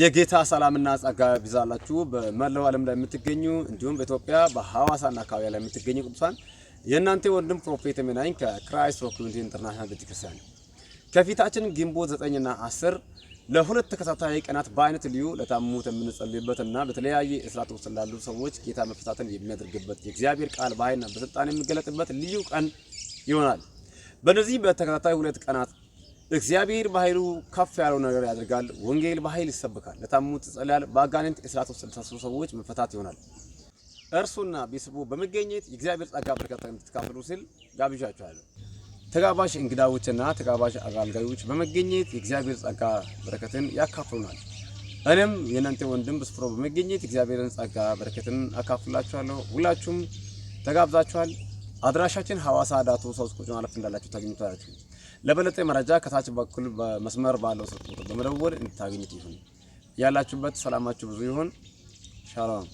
የጌታ ሰላምና ጸጋ ይብዛላችሁ። በመላው ዓለም ላይ የምትገኙ እንዲሁም በኢትዮጵያ በሐዋሳና አካባቢ ላይ የምትገኙ ቅዱሳን የእናንተ ወንድም ፕሮፌት ሚናኝ ከክራይስት ፎር ኮሚኒቲ ኢንተርናሽናል ቤተክርስቲያን ከፊታችን ግንቦት 9ና 10 ለሁለት ተከታታይ ቀናት በአይነት ልዩ ለታሙት የምንጸልይበትና በተለያየ እስራት ውስጥ ላሉ ሰዎች ጌታ መፍታትን የሚያደርግበት የእግዚአብሔር ቃል በኃይልና በስልጣን የሚገለጥበት ልዩ ቀን ይሆናል። በነዚህ በተከታታይ ሁለት ቀናት እግዚአብሔር በኃይሉ ከፍ ያለው ነገር ያደርጋል። ወንጌል በኃይል ይሰብካል። ለታሙት ይጸልያል። በአጋንንት እስራት ውስጥ ለታሰሩ ሰዎች መፈታት ይሆናል። እርሱና ቤተሰቡ በመገኘት የእግዚአብሔር ጸጋ በረከት እንድትካፈሉ ሲል ጋብዣችኋለሁ። ተጋባዥ እንግዳዎችና ተጋባዥ አገልጋዮች በመገኘት የእግዚአብሔር ጸጋ በረከትን ያካፍሉናል። እኔም የእናንተ ወንድም ብስፍሮ በመገኘት የእግዚአብሔርን ጸጋ በረከትን አካፍላችኋለሁ። ሁላችሁም ተጋብዛችኋል። አድራሻችን ሐዋሳ ዳቶ ሰውስ ቁጭ ማለፍ እንዳላችሁ ታገኙታላችሁ። ለበለጠ መረጃ ከታች በኩል በመስመር ባለው ስልክ ቁጥር በመደወል እንድታገኙት ይሁን። ያላችሁበት ሰላማችሁ ብዙ ይሁን። ሻሎም